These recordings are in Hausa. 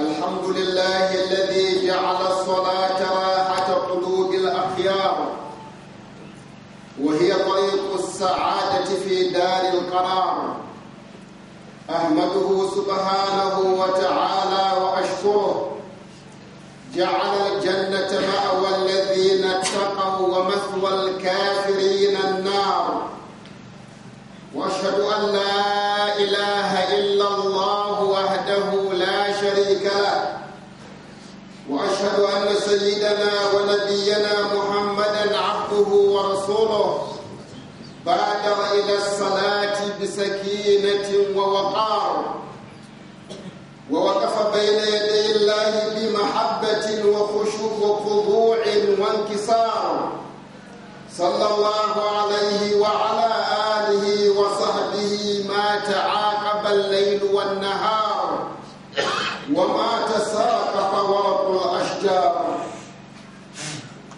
الحمد لله الذي جعل الصلاة راحة قلوب الأخيار وهي طريق السعادة في دار القرار أحمده سبحانه وتعالى وأشكره جعل الجنة مأوى الذين اتقوا ومثوى الكافرين النار وأشهد أن لا سيدنا ونبينا محمدا عبده ورسوله بادر إلى الصلاة بسكينة ووقار ووقف بين يدي الله بمحبة وخشوع وخضوع وانكسار صلى الله عليه وعلى آله وصحبه ما تعاقب الليل والنهار وما تسار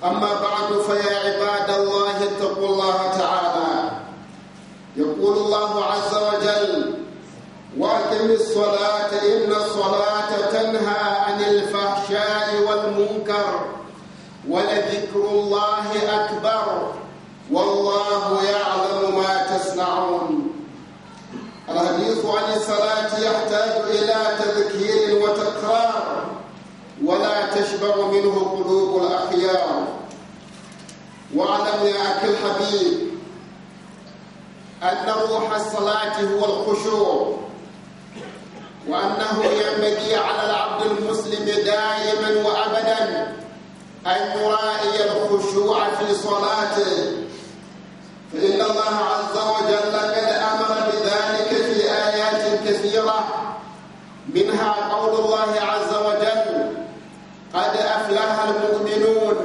أما بعد فيا عباد الله اتقوا الله تعالى يقول الله عز وجل وأقم الصلاة إن الصلاة تنهى عن الفحشاء والمنكر ولذكر الله أكبر والله يعلم ما تصنعون الحديث عن الصلاة يحتاج إلى تذكير وتكرار ولا تشبع منه قلوب الأخيار واعلم يا أخي الحبيب أن روح الصلاة هو الخشوع وأنه ينبغي على العبد المسلم دائما وأبدا أن يرائي الخشوع في صلاته فإن الله عز وجل قد أمر بذلك في آيات كثيرة منها قول الله عز أفلح المؤمنون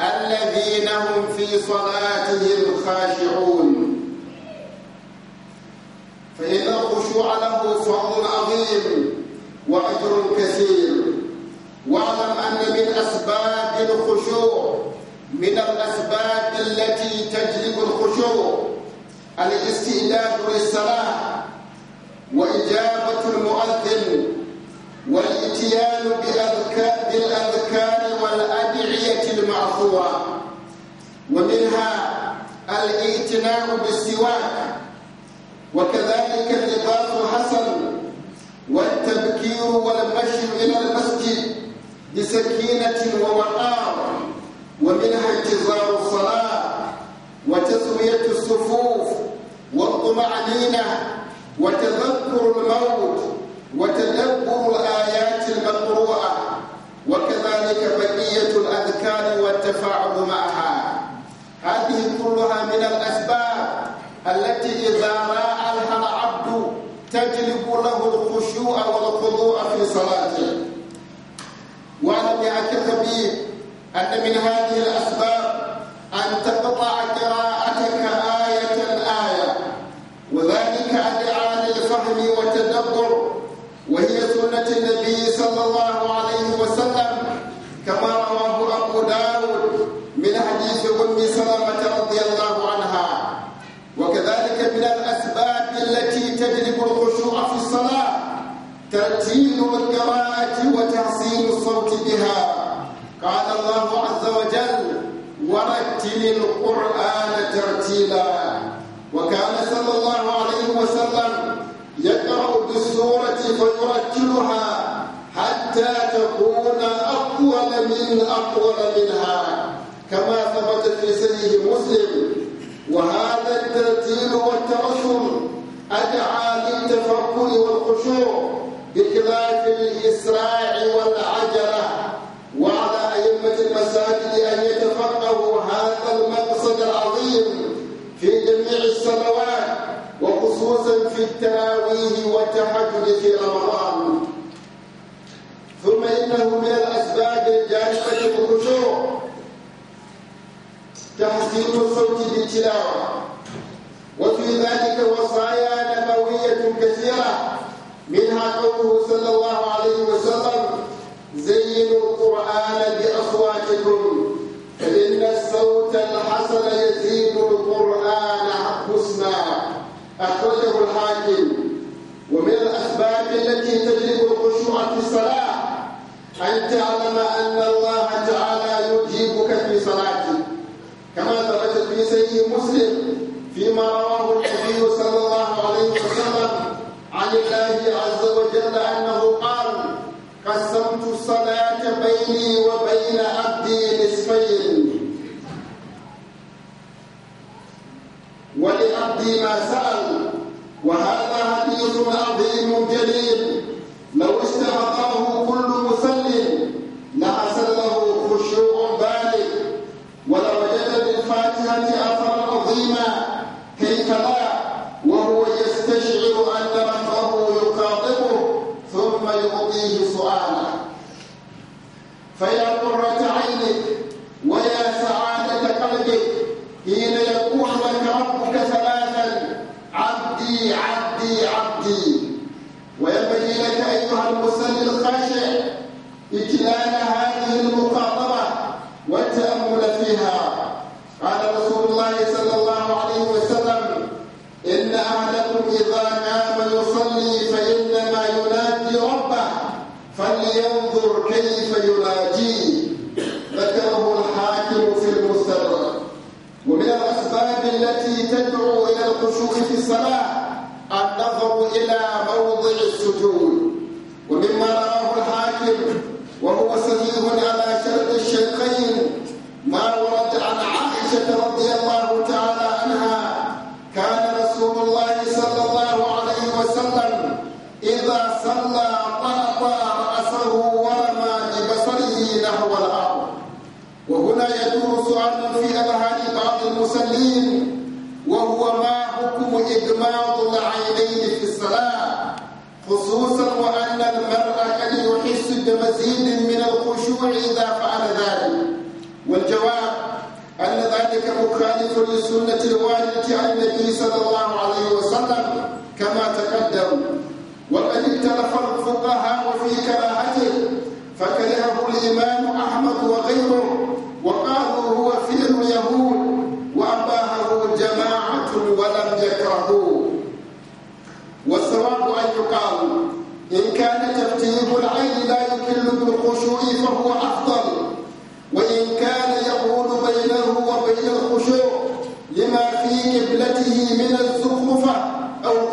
الذين هم في صلاتهم خاشعون فإن الخشوع له فضل عظيم وأجر كثير واعلم أن من أسباب الخشوع من الأسباب التي تجلب الخشوع الاستعداد للصلاة وإجابة المؤذن والاتيان بالاذكار والادعيه المعفوره ومنها الاعتناء بالسواك وكذلك اللقاط حسن والتبكير والمشي الى المسجد بسكينه ووقار ومنها انتظار الصلاه وتسويه الصفوف والطمانينه وتذكر الموت وتدبر الآيات المقروءة وكذلك بقية الأذكار والتفاعل معها هذه كلها من الأسباب التي إذا راعاها العبد تجلب له الخشوع والخضوع في صلاته وأنا ابن عبد الخبيب أن من هذه الأسباب أن تقطع قراءة ترتيل القراءة وتحسين الصوت بها قال الله عز وجل ورتل القرآن ترتيلا وكان صلى الله عليه وسلم يقرأ بالسورة فيرتلها حتى تكون أطول من أطول منها كما ثبت في سنه مسلم وهذا الترتيل والترسل أدعى للتفكر والخشوع بخلاف الإسراع والعجلة وعلى أئمة المساجد أن يتفقهوا هذا المقصد العظيم في جميع الصلوات وخصوصا في التراويح والتهجد في رمضان ثم إنه من الأسباب الجانبة بالخشوع تحسين الصوت بالتلاوة وفي ذلك وصايا نبوية كثيرة منها قوله صلى الله عليه وسلم زينوا القرآن بأصواتكم فإن الصوت الحسن يزين القرآن حسنا أخرجه الحاكم ومن الأسباب التي تجلب الخشوع في الصلاة أن تعلم أن الله تعالى يجيبك في صلاتك كما ثبت في سيد مسلم فيما رواه النبي صلى الله عليه وسلم عن الله عز وجل أنه قال قسمت الصلاة بيني وبين عبدي نصفين ولعبدي ما سأل وهذا حديث عظيم جليل عائشة رضي الله تعالى عنها كان رسول الله صلى الله عليه وسلم إذا صلى طأطأ رأسه ورمى ببصره نحو الأرض وهنا يدور سؤال في أذهان بعض المسلمين وهو ما حكم إدماض العينين في الصلاة خصوصا وأن المرأة قد يحس بمزيد من الخشوع إذا فعل ذلك والجواب أن ذلك مخالف للسنة الواردة عن النبي صلى الله عليه وسلم كما تقدم وقد اختلف الفقهاء في كراهته فكرهه الإمام أحمد وغيره وقالوا هو فعل اليهود وأباهه جماعة ولم يكرهوه والصواب أن يقال إن كان ترتيب العين لا يكل بالخشوع فهو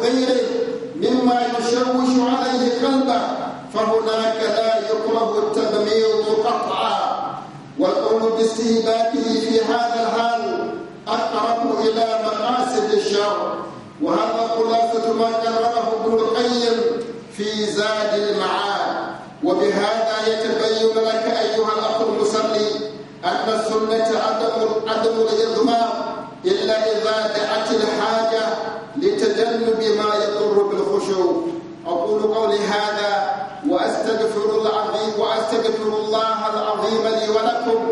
غيره مما يشوش عليه قلبه فهناك لا يكره التغميض قطعا والقول باستهباته في هذا الحال أقرب إلى مقاصد الشر وهذا خلاصة ما كرره ابن القيم في زاد المعاد وبهذا يتبين لك أيها الأخ المصلي أن السنة عدم عدم الإضمام إلا إذا دعت الحاجة والتجنب ما يضر بالخشوع أقول قولي هذا وأستغفر العظيم وأستغفر الله العظيم لي ولكم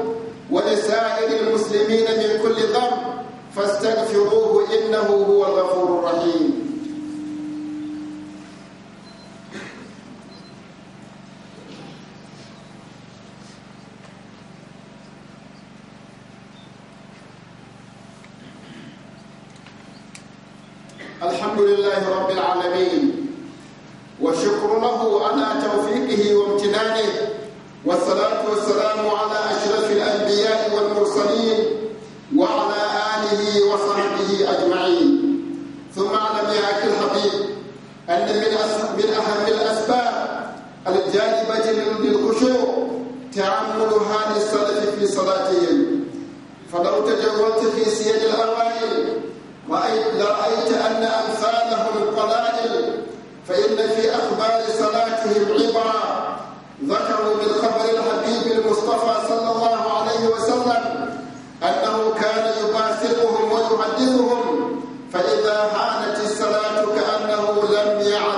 ولسائر المسلمين من كل ذنب فاستغفروه إنه هو الغفور الرحيم الحمد لله رب العالمين وشكر له على توفيقه وامتنانه والصلاة والسلام على أشرف الأنبياء والمرسلين وعلى آله وصحبه أجمعين ثم أعلم يا أخي الحبيب أن من أهم الأسباب الجانبة للخشوع تعمل هذه الصلاة في صلاتهم فلو تجولت في سير الأوائل ولرأيت أن أمثالهم القلائل فإن في أخبار صلاتهم عبرة ذكروا من خبر الحبيب المصطفى صلى الله عليه وسلم أنه كان يباسطهم ويحدثهم فإذا حانت الصلاة كأنه لم يعد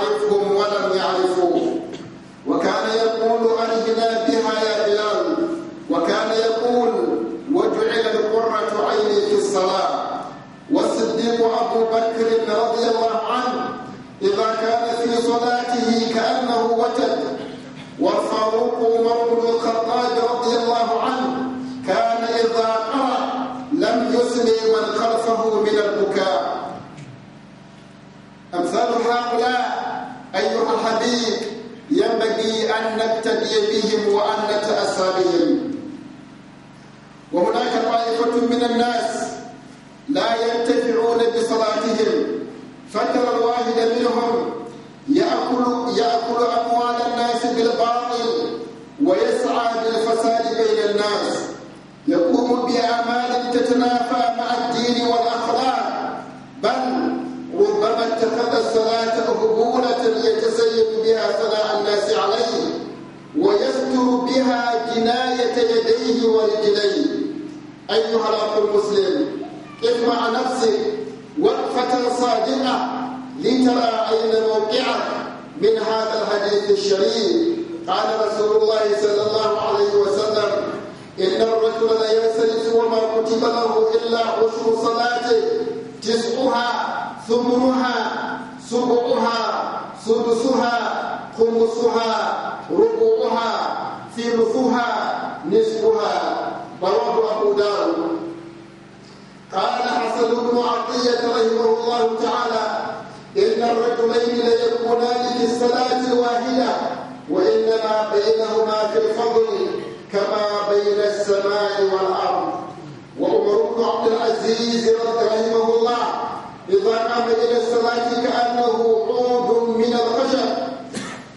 بكر رضي الله عنه إذا كان في صلاته كأنه وتد والفاروق عمر بن الخطاب رضي الله عنه كان إذا قرأ لم يسمع من خلفه من البكاء أمثال هؤلاء أيها الحبيب ينبغي أن نبتدي بهم وأن نتأسى بهم وهناك طائفة من الناس لا ينتفعون بصلاتهم فترى الواحد منهم يأكل يأكل أموال الناس بالباطل ويسعى بالفساد بين الناس يقوم بأعمال تتنافى مع الدين والأخلاق بل ربما اتخذ الصلاة هبولة يتزين بها ثناء الناس عليه ويستر بها جناية يديه ورجليه أيها الأخ المسلم قف مع نفسك وقفة صادقة لترى أين موقعك من هذا الحديث الشريف قال رسول الله صلى الله عليه وسلم إن الرجل لا ينسلس وما كتب له إلا عشر صلاته تسعها ثمنها سبعها سدسها خمسها ربعها ثلثها نصفها رواه الحسن بن عطية رحمه الله تعالى إن الرجلين ليكونان في الصلاة واحدة وإنما بينهما في الفضل كما بين السماء والأرض وعمر بن عبد العزيز رحمه الله إذا قام إلى الصلاة كأنه عود من الخشب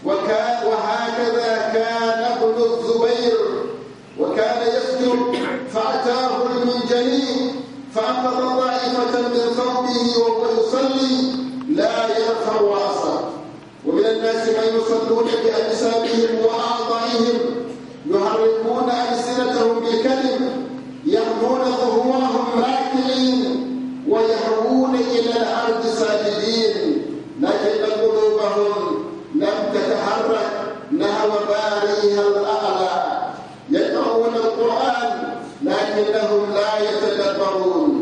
وهكذا كان من خلقه وهو يصلي لا يرفع راسه ومن الناس من يصلون باجسامهم واعضائهم يحركون السنتهم بالكذب يحمون ظهورهم راكعين ويهوون الى الارض ساجدين لكن قلوبهم لم تتحرك نهو باريها الاعلى يدعون القران لكنهم لا يتدبرون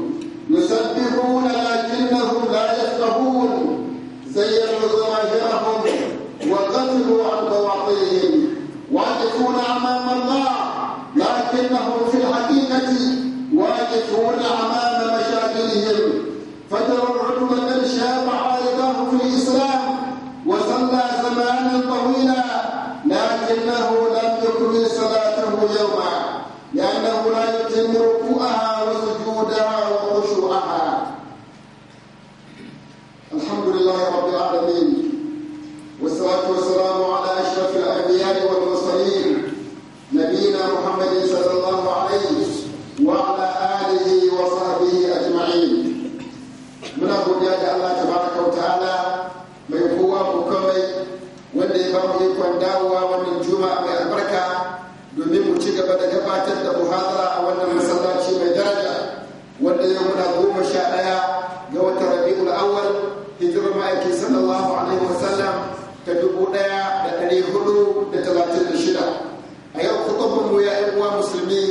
uwa musulmi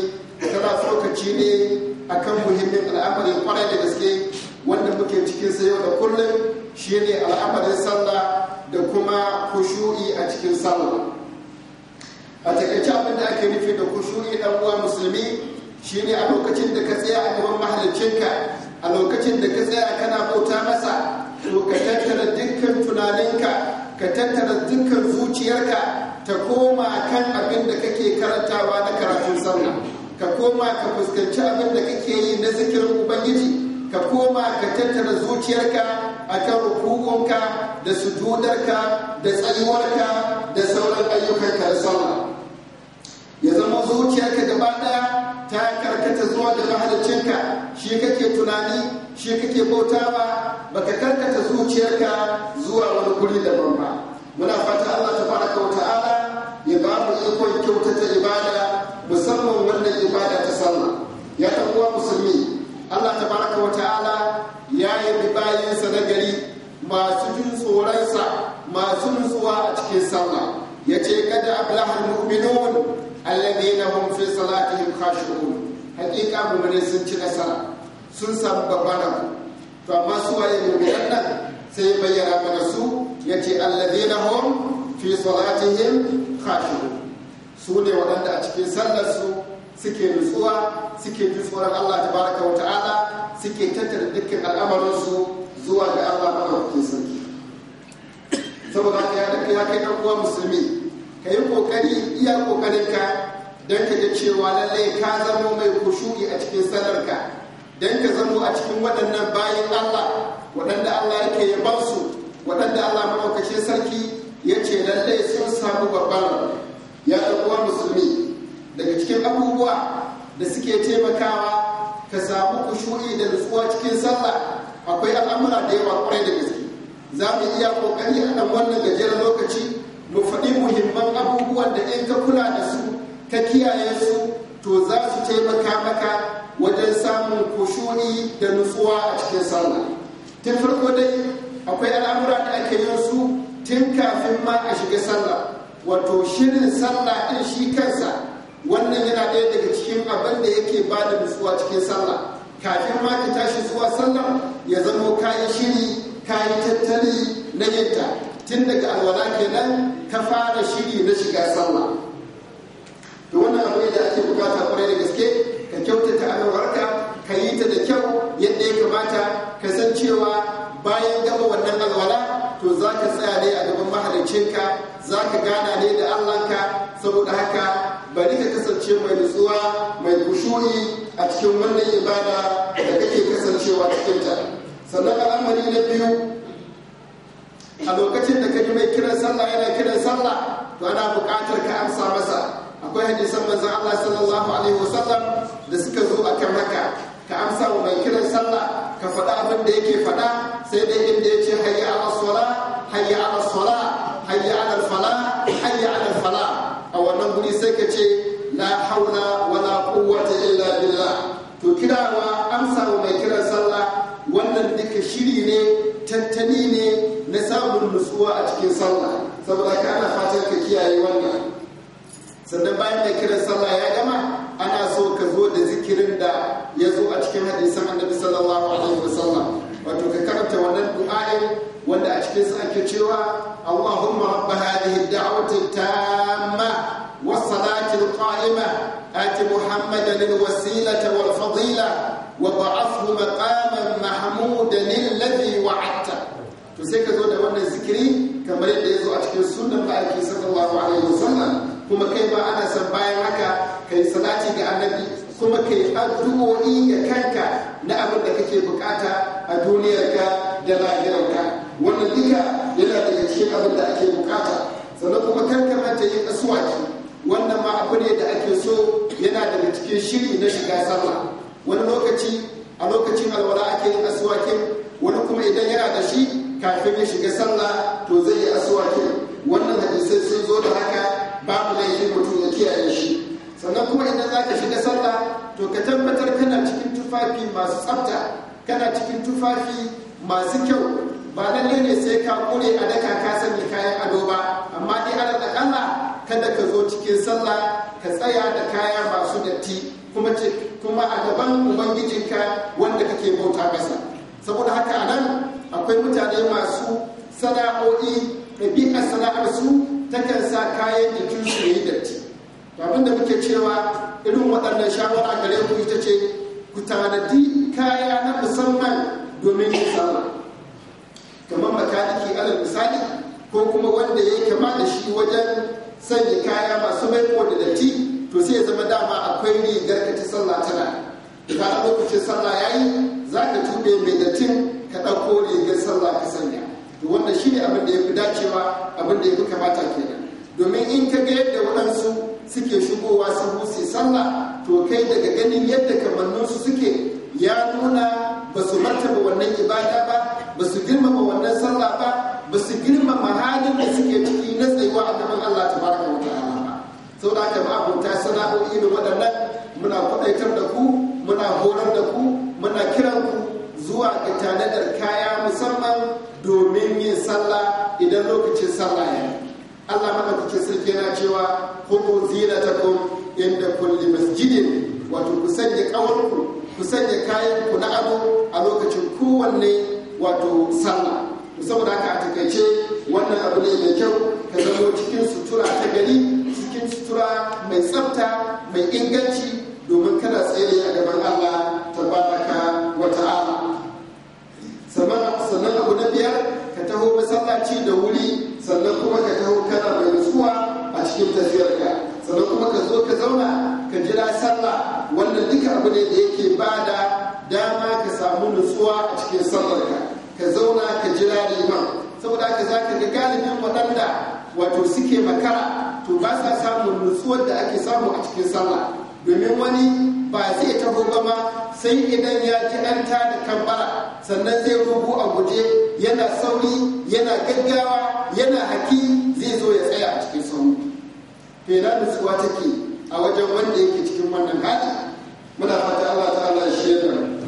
tana tsokaci ne akan muhimmin al'amarin kwarai da gaske wanda muke cikin sayo da kullum shi ne al'amarin sallah da kuma kushu'i a cikin sallah a takaice abin da ake nufi da kushu'i dan uwa musulmi shi ne a lokacin da ka tsaya a gaban mahaliccinka a lokacin da ka tsaya kana bauta masa to ka tattara dukkan tunaninka ka tattara dukkan zuciyarka ta koma kan abin da kake karantawa na karatun sallah ka koma ka fuskanci abin da kake yi na zikirin ubangiji ka koma ka tattara zuciyarka a kan rukukunka da sujudarka da tsayuwarka da sauran ayyukan da sallah ya zama zuciyarka gaba ɗaya ta karkata zuwa da mahalicinka shi kake tunani shi kake bautawa ka karkata zuciyarka zuwa wani guri daban ba muna fata Allah ta fara wa ta'ala ya ba mu ikon kyautata ibada musamman wannan ibada ta sallah ya tabuwa musulmi Allah ta fara wa ta'ala ya yi bayansa na gari masu jin tsoronsa masu nutsuwa a cikin sallah ya ce kada ablahal mu'minun alladhina hum fi salatihim khashu'un hakika mu'mini sun ci nasara sun samu babana to amma su waye ne wannan sai bayyana mana su ya ce allazina hum fi salatihim khashu su ne waɗanda a cikin sallarsu suke nutsuwa suke ji tsoron Allah tabaraka wa ta'ala suke tattara dukkan al'amarinsu zuwa ga Allah madaukakin sarki saboda haka ya kai kai ɗan musulmi ka yi kokari iya kokarinka don ka ga cewa lallai ka zamo mai kushu'i a cikin sanarka don ka zama a cikin waɗannan bayan Allah waɗanda Allah yake yabansu waɗanda Allah maɗaukacin sarki ya ce lallai sun samu babban ya ɗauwa musulmi daga cikin abubuwa da suke taimakawa ka samu kushu'i da nutsuwa cikin sallah akwai al'amura da yawa kwarai da gaske za mu iya kokari a ɗan wannan gajeren lokaci mu faɗi muhimman abubuwan da in ka kula da su ka kiyaye su to za su taimaka maka wajen samun kushu'i da nutsuwa a cikin sallah ta farko dai akwai al'amura da ake yin su tun kafin ma a shiga sallah wato shirin sallah din shi kansa wannan yana ɗaya daga cikin abin da yake ba da nutsuwa cikin sallah kafin ma ka tashi zuwa sallah ya zamo kayi shiri kayi tattali na yinta tun daga alwala kenan ka fara shiri na shiga sallah to wannan abu da ake bukata kwarai da gaske ka kyautata alwarka ka yi ta da kyau yadda ya kamata ka san cewa bayan gama wannan alwala to za ka tsaya ne a gaban mahalicinka za ka gana ne da allah ka saboda haka bari ka kasance mai nutsuwa mai kushuri a cikin wannan ibada da kake kasancewa ta sannan al'amari na biyu a lokacin da ka ji mai kiran sallah yana kiran sallah to ana buƙatar ka amsa masa akwai hadisan manzon Allah sallallahu alaihi wasallam da suka zo a akan haka ka amsa wa mai kiran sallah ka faɗa abin da yake faɗa sai dai inda ya ce hayya ala sala hayya ala sala hayya ala fala hayya ala fala a wannan guri sai ka ce la haula wala quwwata illa billah to kirawa amsa wa mai kiran sallah wannan duka shiri ne tantani ne na samun nutsuwa a cikin sallah saboda ka ana fatan ka kiyaye wannan sannan bayan da kiran sallah ya gama ana so ka zo da zikirin da ya cikin hadisan annabi sallallahu alaihi wasallam wato ka karanta wannan du'a'in wanda a cikin sa ake cewa Allahumma rabb hadhihi ad-da'wati tamma was-salati al-qa'imah آت محمدا الوسيلة والفضيلة وضعفه مقاما محمودا الذي وعدته تسيك زود وانا ذكري كما يدعي زود أتكي السنة wa صلى kuma kai ba ana كيف bayan haka kai كي ga النبي kuma ka yi addu'o'i ya kanka na abin da kake bukata a duniyarka da ka wannan duka yana da ya cikin abin da ake bukata sannan kuma kanka manta yi aswaki wannan ma abu ne da ake so yana daga cikin shiri na shiga sallah wani lokaci a lokacin alwala ake yin aswakin wani kuma idan yana da shi kafin ya shiga sallah to zai yi aswakin wannan hadisai sun zo da haka babu laifin mutum ya kiyaye shi sannan kuma idan za ka shiga sallah to ka tabbatar kana cikin tufafi masu tsafta kana cikin tufafi masu kyau ba lalle ne sai ka kure a daka ka sanya kayan ado ba amma dai ala kalla kada ka zo cikin sallah ka tsaya da kaya masu datti kuma kuma a gaban ubangijinka wanda kake bauta masa saboda haka anan akwai mutane masu sana'o'i ɗabi'ar sana'ar su takan sa kayan jikin su yi datti abin da muke cewa irin waɗannan shawara gare mu ita ce ku tanadi kaya na musamman domin yin sallah kamar makaniki alal misali ko kuma wanda ya kama da shi wajen sanya kaya masu maiko da datti to sai ya zama dama akwai rigar ka ta sallah tana ka lokacin sallah ya yi, za ka tube mai dattin ka ɗauko rigar sallah ka sanya to wannan shi ne abin ya fi dacewa abinda da ya fi kamata kenan domin in ka ga yadda waɗansu suke shigowa su buse sallah to kai daga ganin yadda kamanninsu suke ya nuna ba su martaba wannan ibada ba ba su girmama wannan sallah ba ba su girmama halin da suke ciki na tsayuwa a gaban Allah tabaraka wa ta'ala sau da aka ma'abuta sana'o'i da waɗannan muna kwaɗaitar da ku muna horar da ku muna kiran ku zuwa ga tanadar kaya musamman domin yin sallah idan lokacin sallah ya yi Allah madaukakin sirke na cewa ta zinatakum inda kulli masjidin wato ku sanya kawarku ku sanya kayan ku na ado a lokacin kowanne wato sallah saboda haka a takaice wannan abu ne mai kyau ka zama cikin sutura ta gari cikin sutura mai tsafta mai inganci domin kada tsere a gaban Allah tabaraka wa ta'ala sannan abu na biyar taho masallaci da wuri sannan kuma ka taho kana mai nutsuwa a cikin tafiyarka sannan kuma ka zo ka zauna ka jira sallah wannan duka abu ne da yake ba da dama ka samu nutsuwa a cikin sallarka ka zauna ka jira liman saboda ka za ka ga galibin waɗanda wato suke makara to ba sa samun nutsuwar da ake samu a cikin sallah domin wani ba zai taho ba ma sai idan ya ji an da kambara sannan zai rubu a guje yana sauri yana gaggawa yana haki zai zo ya tsaya a cikin sauri Fela da nutsuwa take a wajen wanda yake cikin wannan hali muna fata Allah ta'ala shi ya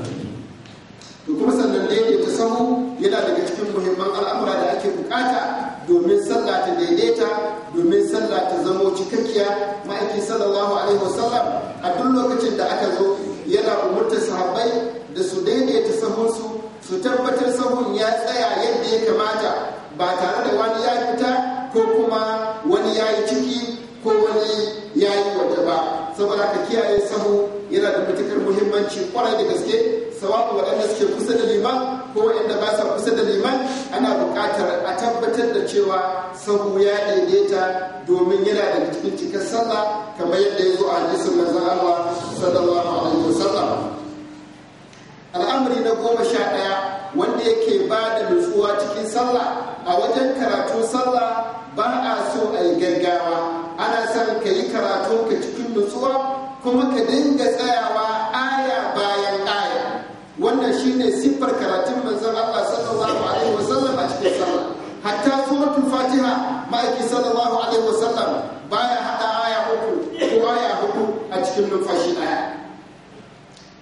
to kuma sannan yake sahu yana daga cikin muhimman al'amura da ake bukata domin sallah ta daidaita domin sallah ta zamo cikakkiya ma'aiki sallallahu alaihi wasallam a duk lokacin da aka zo yana umurta sahabbai da su daidaita sahun su su tabbatar sahun ya tsaya yadda ya kamata ba tare da wani ya fita ko kuma wani ya yi ciki ko wani ya yi waje ba saboda ka kiyaye sahu yana da matukar muhimmanci kwarai da gaske sawabu waɗanda suke kusa da liman ko waɗanda ba sa kusa da liman ana buƙatar a tabbatar da cewa sahu ya daidaita domin yana da cikin cikar sallah kamar yadda ya zo a hadisu na Allah sallallahu alaihi wasallam al'amari na goma sha ɗaya wanda yake ba da nutsuwa cikin sallah a wajen karatu sallah ba a so a yi gaggawa ana son ka yi karatu ka cikin nutsuwa kuma ka dinga tsayawa aya bayan aya wannan shine siffar karatun manzon Allah sallallahu alaihi wasallam a cikin sallah hatta suratul fatiha ma'aiki sallallahu alaihi wasallam baya hada aya uku ko aya hudu a cikin numfashi daya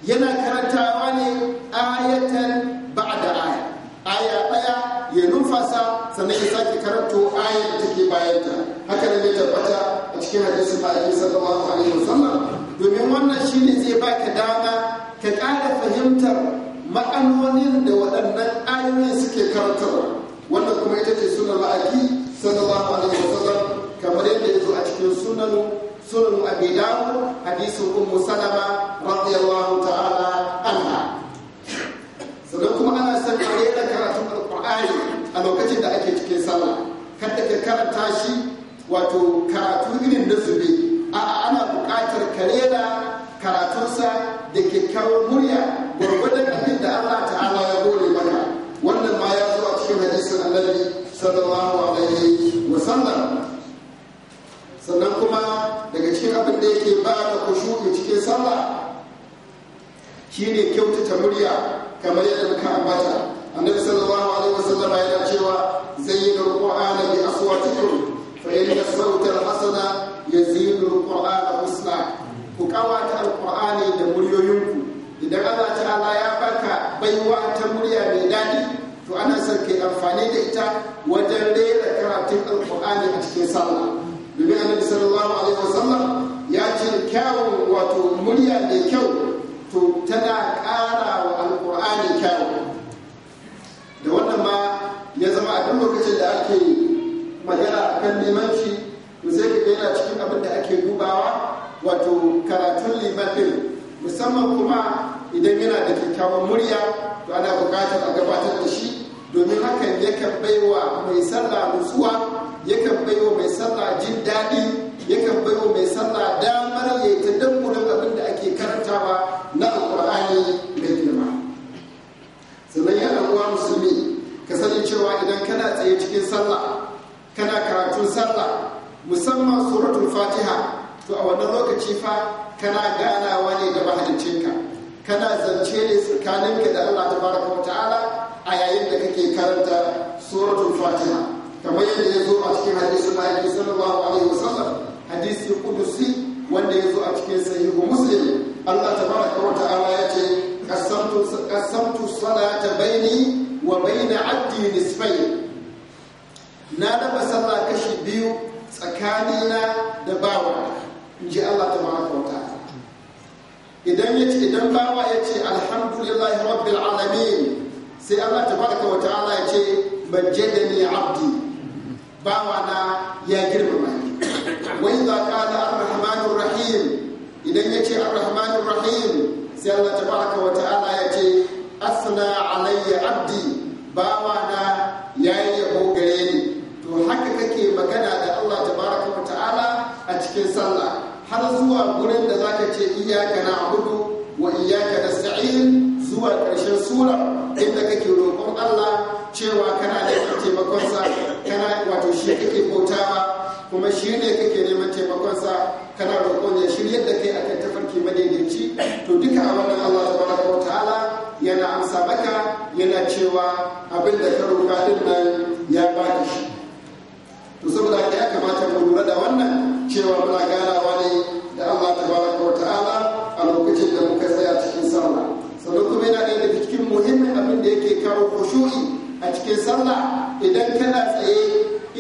yana karantawa ne ayatan ba'da aya aya daya ya numfasa sannan ya sake karanto ayar da take bayanta haka ne ya tabbata a cikin hadisin ma'aiki sallallahu alaihi wasallam domin wannan shi ne zai baka dama ka ƙara fahimtar ma'anonin da waɗannan ayoyin suke karantarwa wannan kuma ita ce sunan ma'aiki sallallahu alaihi wasallam kamar yadda ya zo a cikin sunan sunan abi dawud hadisin ummu salama radiyallahu ta'ala anha sannan kuma ana son kare da karatun alqur'ani a lokacin da ake cikin sallah kada ka karanta shi wato karatu irin da zube a ana buƙatar karela karatunsa da kyakkyawar murya gwargwadon abin da Allah ta'ala ya gore mana wannan ma ya zo a cikin hadisin annabi sallallahu alaihi wa sannan kuma daga cikin abin da yake ba da kushu'i cikin sallah shine kyautata murya kamar yadda muka ambata annabi sallallahu alaihi wa yana cewa da qur'ana bi aswatikum fa inna sawta al-hasana yazidu alqur'ana husna ku kawata alqur'ani da muryoyinku idan Allah ta'ala ya baka baiwa ta murya mai daɗi to ana son amfani da ita wajen rera karatun alqur'ani a cikin sallah domin annabi sallallahu alaihi wasallam ya ce kyawun wato murya mai kyau to tana ƙara wa alƙur'ani kyawu da wannan ma ya zama a duk lokacin da ake magana kan neman shi. yana cikin abin da ake dubawa wato karatun limanin musamman kuma idan yana da kyakkyawan murya to ana bukatar a gabatar da shi domin hakan yakan baiwa mai sallah nutsuwa yakan baiwa mai sallah jin daɗi yakan baiwa mai sallah damar ya ta dangunan abin da ake karantawa na alƙur'ani mai girma sannan yana uwa musulmi ka sani cewa idan kana tsaye cikin sallah kana karatun sallah musamman suratul fatiha to a wannan lokaci fa kana ganawa ne da ka. kana zance ne tsakaninka da Allah tabaraka wa ta'ala a yayin da kake karanta suratul fatiha kamar yadda ya zo a cikin hadisin ba sallallahu alaihi wasallam hadisi kudusi wanda ya zo a cikin sahihu muslim Allah tabaraka wa ta'ala ya ce qasamtu salata baini wa baina abdi nisfayn na raba sallah kashi biyu tsakanina da bawa in ji Allah ta baraka idan ya ce idan bawa ya ce alhamdulillahi rabbil alamin sai Allah ta baraka wa ta'ala ya ce ya abdi bawa na ya girmama ni wa idza qala arrahmanur rahim idan ya ce arrahmanur rahim sai Allah ta baraka wa ta'ala ya ce asna alayya abdi bawa na yayi yabo gare ni to haka kake magana a cikin sallah har zuwa gurin da zaka ce iyaka na abudu wa iyaka sa'in zuwa ƙarshen sura inda kake roƙon Allah cewa kana taimakon sa kana wato shi kake bautawa kuma shi ne kake neman taimakon sa kana roƙon ya shiryar da kai akan tafarki madaidaici to duka a wannan Allah subhanahu ta'ala yana amsa maka yana cewa abin da ka roƙa din nan ya baka shi to saboda haka ya kamata mu lura da wannan cewa muna ganawa ne da Allah tabaraka wa ta'ala a lokacin da muka tsaya cikin sallah sannan kuma yana da daga cikin muhimmin abin da yake kawo khushu'i a cikin sallah idan kana tsaye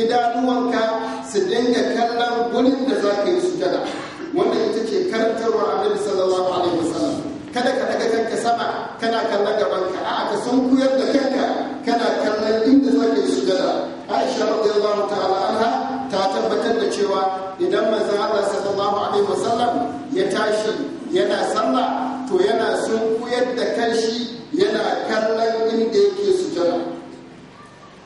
idanuwanka su dinga kallon gurin da za ka yi sujada wannan ita ce karantarwa annabi sallallahu alaihi wasallam kada ka daga kanka sama kana kallon gabanka a'a ka sunkuyar da kanka kana kallon inda za ka yi sujada aisha radiyallahu ta'ala cewa idan manzon Allah sallallahu alaihi wasallam ya tashi yana sallah to yana koyar da kanshi yana kallon inda yake sujada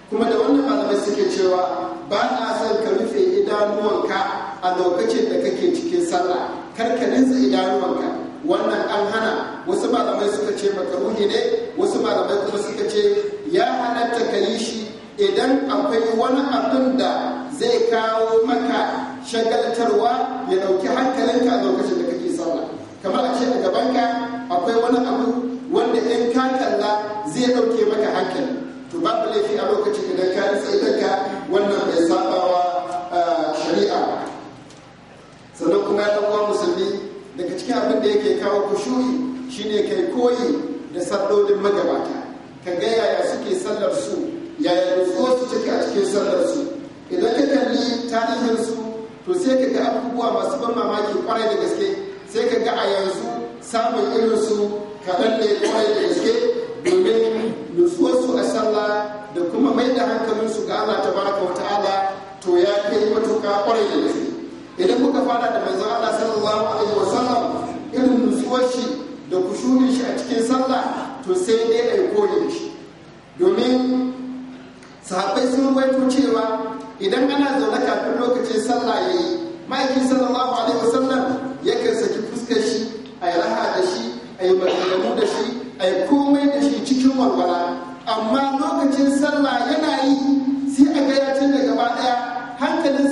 kuma da wannan malamai suke cewa ba na son ka rufe idanuwanka a lokacin da kake cikin sallah kar ka rinsa idanuwanka wannan an hana wasu malamai suka ce makaruhi ne wasu malamai kuma suka ce ya halatta ka yi shi idan akwai wani abin da zai kawo maka shagaltarwa ya dauki hankalinka a lokacin da kake sauna kamar a ce a gabanka akwai wani abu wanda in ka kalla zai dauke maka hankali to babu laifi a lokacin idan ka rutsa idanka wannan bai sabawa shari'a sannan kuma ya uwa musulmi daga cikin abin da yake kawo kushuri shine kai koyi da sallolin magabata ka ga yaya suke sallar su yaya nutsuwar su cika a cikin sallar su idan ka kalli tarihin su to sai ka ga abubuwa masu ban mamaki kwarai da gaske sai ka ga a yanzu samun irin su kaɗan ne kwarai da gaske domin su a sallah da kuma mai da su ga Allah ta baraka wa ta'ala to ya kai matuka kwarai da gaske idan kuka fara da mai Allah sallallahu alaihi wa sallam irin nutsuwar shi da kushurin shi a cikin sallah to sai dai ai koyi shi domin sahabbai sun waito cewa idan ana zaune kafin lokacin sallah ya yi ma'aikin sallallahu alaihi wasallam yakan saki fuskar shi a yi raha da shi a yi maganganu da shi a yi komai da shi cikin walwala amma lokacin sallah yana yi sai a ga ya canza gaba daya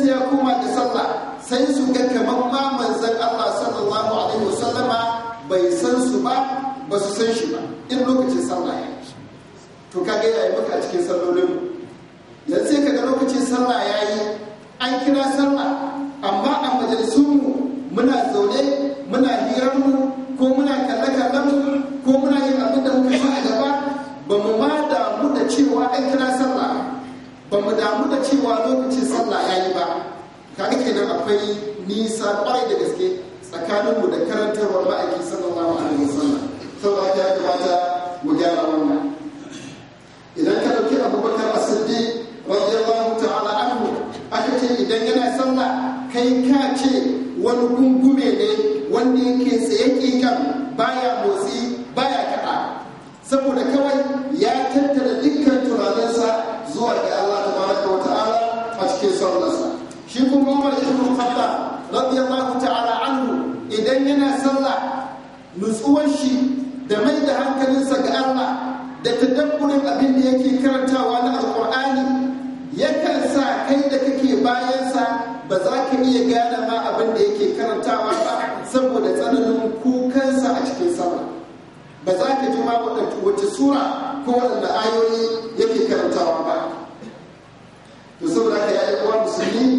ya koma da sallah sai su ga kamar ma manzon Allah sallallahu alaihi sallama bai san su ba ba su san shi ba in lokacin sallah ya yi. to kaga yayi muka cikin sallolin mu dan sai kaga lokacin sallah yayi an kira sallah amma a mu muna zaune muna mu ko muna kalle mu ko muna yin abin da muka a gaba ba mu ma damu da cewa an kira sallah ba mu damu da cewa lokacin sallah ya yi ba kaga kenan akwai nisa kwarai da gaske tsakaninmu da karantarwar ma'aiki sallallahu alaihi wasallam saboda ya kamata mu gyara wannan idan ka dauki abubakar radiyallahu ta'ala anhu aka ce idan yana sallah kai ka ce wani gungume ne wanda yake tsaye kikan baya motsi baya kaɗa saboda kawai ya tattara dukkan tunaninsa zuwa ga Allah tabaraka wa ta'ala a cikin sallarsa shi kuma Umar ibn Khattab radiyallahu ta'ala anhu idan yana sallah nutsuwar shi da mai da hankalinsa ga Allah da tadabburin abin da yake karantawa na alkur'ani yakan sa kai da kake bayansa ba za ka iya gane ma abin da yake karantawa ba saboda tsananin kukansa a cikin sama ba za ka ji ma wacce sura ko waɗanda ayoyi yake karantawa ba to saboda ka yi uwa musulmi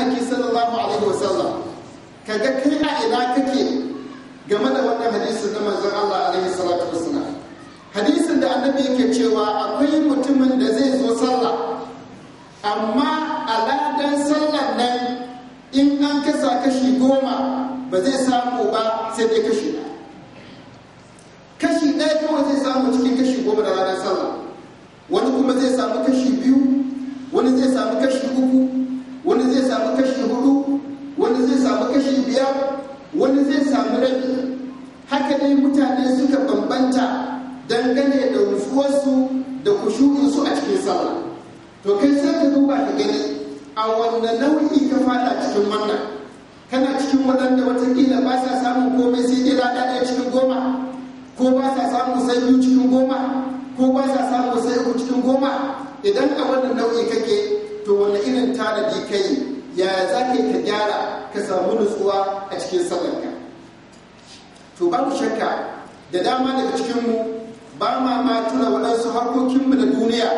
ma'aiki sallallahu alaihi wasallam ka ga kai a ina kake game da wannan hadisi na manzon Allah alaihi salatu wasallam hadisin da annabi yake cewa akwai mutumin da zai zo sallah amma aladan sallar nan in an kasa kashi goma ba zai samu ba sai dai kashi ɗaya kashi ɗaya kawai zai samu cikin kashi goma da ranar sallah wani kuma zai samu kashi biyu wani zai samu kashi uku wani zai samu kashi hudu wani zai samu kashi biyar wani zai samu rabi haka dai mutane suka bambanta dangane da rufuwarsu da kushurinsu a cikin sama to kai sai ka duba ka gani a wanda nau'i ka fada cikin wannan kana cikin waɗanda watakila ba sa samun komai sai dai rada ɗaya cikin goma ko ba sa samun sai biyu cikin goma ko ba sa samun sai uku cikin goma idan a wannan nau'i kake to wani irin tanadi ka yi yaya za ka yi ka gyara ka samu nutsuwa a cikin sallarka to ba ku shakka da dama daga cikinmu ba ma ma tuna waɗansu harkokinmu na duniya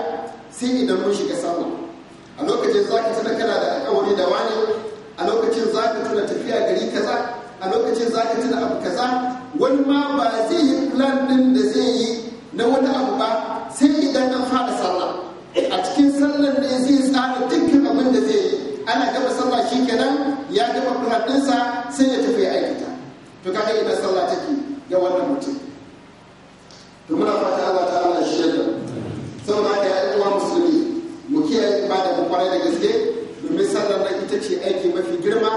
sai idan mun shiga samu a lokacin za ka tuna kana da alkawari da wani a lokacin za ka tuna tafiya gari kaza a lokacin za ka tuna abu kaza wani ma ba zai yi plan ɗin da zai yi na wani abu ba sai idan an fara sallah a cikin sallar da zai tsara dukkan abin da zai yi ana gaba sallah shi kenan ya gaba kuraɗinsa sai ya tafi aikata to ga idan sallah take ga wannan mutum to muna fata Allah Allah shi yadda saboda haka ya uwa musulmi mu kiyaye ibada mu kwarai da gaske domin sallar nan ita ce aiki mafi girma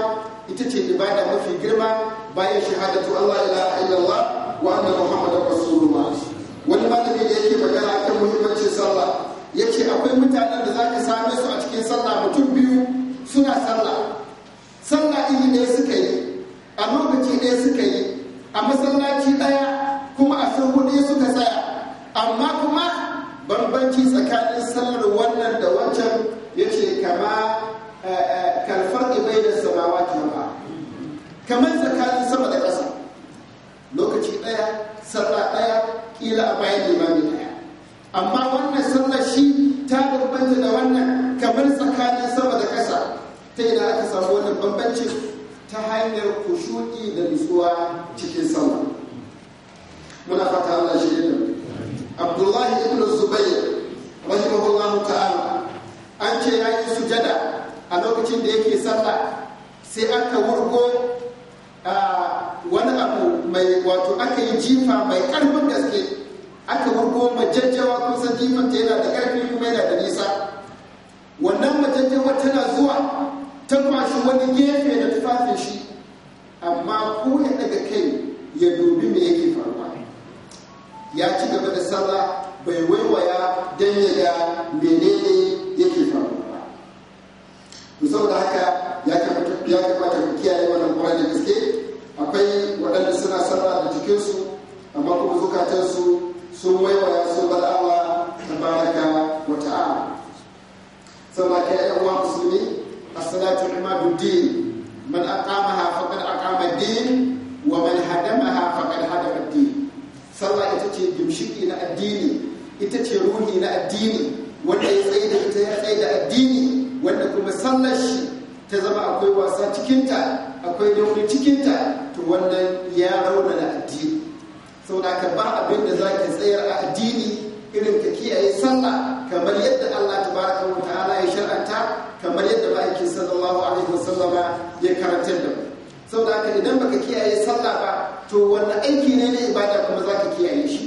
ita ce ibada mafi girma bayan shahadatu Allah ilaha illallah wa anna muhammadar rasulullah wani malami da yake magana akan muhimmancin sallah ya ce akwai mutanen da za ka same su a cikin sallah mutum biyu suna sallah sallah iri ɗaya suka yi a lokaci ɗaya suka yi a masallaci ɗaya kuma a san kuɗi suka tsaya amma kuma bambanci tsakanin sallar wannan da wancan ya ce kama eh, eh, kalfar ibai da samawa ba kamar tsakanin sama da ƙasa lokaci ɗaya sallah ɗaya kila a bayan limami amma wannan sallar shi ta bambanta da wannan kamar tsakanin sama da ƙasa ta yi da aka samu wannan bambancin ta hanyar kushuɗi da nutsuwa cikin sama muna fata Allah shi ne Abdullahi ibn Zubair rahimahullahu ta'ala an ce ya yi sujada a lokacin da yake sallah sai aka wurgo ah, wani abu mai wato aka yi jifa mai karfin gaske aka farko majajjawa kun san ta yana da ƙarfi kuma yana da nisa wannan majajjawa tana zuwa ta kwashi wani gefe da tufafin shi amma ko ya daga kai ya dubi me yake faruwa ya ci gaba da sallah bai waiwaya don ya ga menene yake faruwa to saboda haka ya kamata ku kiyaye wannan kwarai da gaske akwai waɗanda suna sallah da jikinsu amma kuma zukatansu sun waiwaya sun bar Allah tabaraka wa ta'ala saboda kai yan uwa musulmi as-salatu imaduddin man aqamaha faqad aqama din wa man hadamaha faqad hadama ad-din sallah ita ce gimshiki na addini ita ce ruhi na addini wanda ya tsaye da ita ya tsaye da addini wanda kuma sallar shi ta zama akwai wasa cikinta akwai dauri cikinta to wannan ya raunana addini saboda ka ba abin da za ka tsayar a addini irin ka kiyaye sallah kamar yadda Allah ta baraka wa ta'ala ya shar'anta kamar yadda ma'aikin sallallahu alaihi sallama ya karantar da mu saboda ka idan baka kiyaye sallah ba to wanda aiki ne na ibada kuma za ka kiyaye shi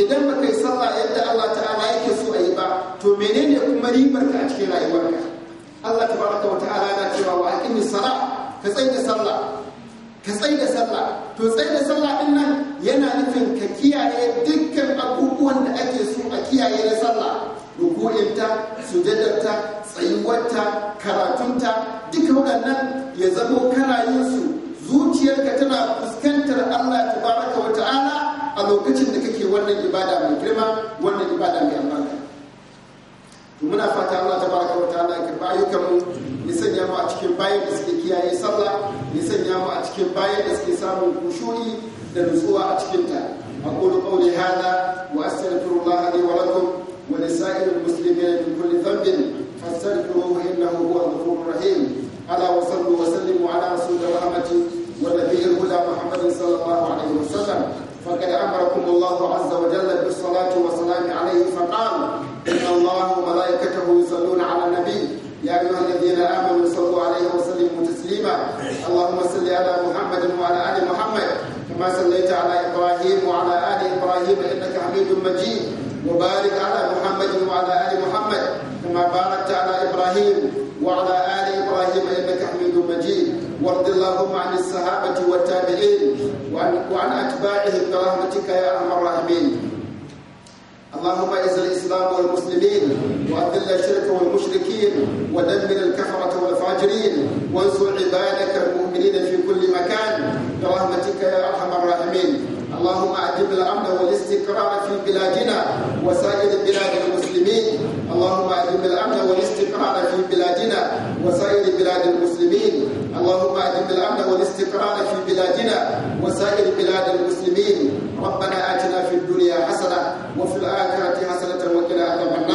idan baka yi sallah yadda Allah ta'ala yake so a yi ba to menene kuma ribar ka a cikin rayuwarka Allah ta baraka wa ta'ala na cewa wa aqimi sala ka tsaya sallah ka tsai da sallah to tsai da sallah din nan yana nufin ka kiyaye dukkan abubuwan da ake so a kiyaye na sallah ruku'inta sujadarta tsayuwarta karatunta duka waɗannan ya zamo kana yin su zuciyarka tana fuskantar Allah ta tabaraka wa ta'ala a lokacin da kake wannan ibada mai girma wannan ibada mai albarka muna fata Allah ta baraka wa ta'ala ya karba ayyukan mu ya sanya mu a cikin bayan da suke kiyaye sallah ya sanya mu a cikin bayan da suke samun kushuri da nutsuwa a cikin ta aqulu qawli hadha wa astaghfirullah li wa lakum wa lisa'il muslimina min kulli dhanbin fastaghfiruhu innahu huwal ghafurur rahim ala wa sallu wa ونبي الهدى محمد صلى الله عليه وسلم فقد امركم الله عز وجل بالصلاه والسلام عليه فقال على النبي يا ايها الذين امنوا صلوا عليه وسلموا تسليما اللهم صل على محمد وعلى ال محمد كما صليت على ابراهيم وعلى ال ابراهيم انك حميد مجيد وبارك على محمد وعلى ال محمد كما باركت على ابراهيم وعلى ال ابراهيم انك حميد مجيد وارض اللهم عن الصحابه والتابعين وعن اتباعهم برحمتك يا ارحم الراحمين اللهم اعز الاسلام والمسلمين واذل الشرك والمشركين ودمر الكفره والفاجرين وانصر عبادك المؤمنين في كل مكان برحمتك يا ارحم الراحمين اللهم اعجب الامن والاستقرار في بلادنا وسائر بلاد المسلمين اللهم اعجب الامن والاستقرار في بلادنا وسائر بلاد المسلمين اللهم أجب الأمن والاستقرار في بلادنا وسائر بلاد المسلمين ربنا آتنا في الدنيا حسنة وفي الآخرة حسنة وقنا عذاب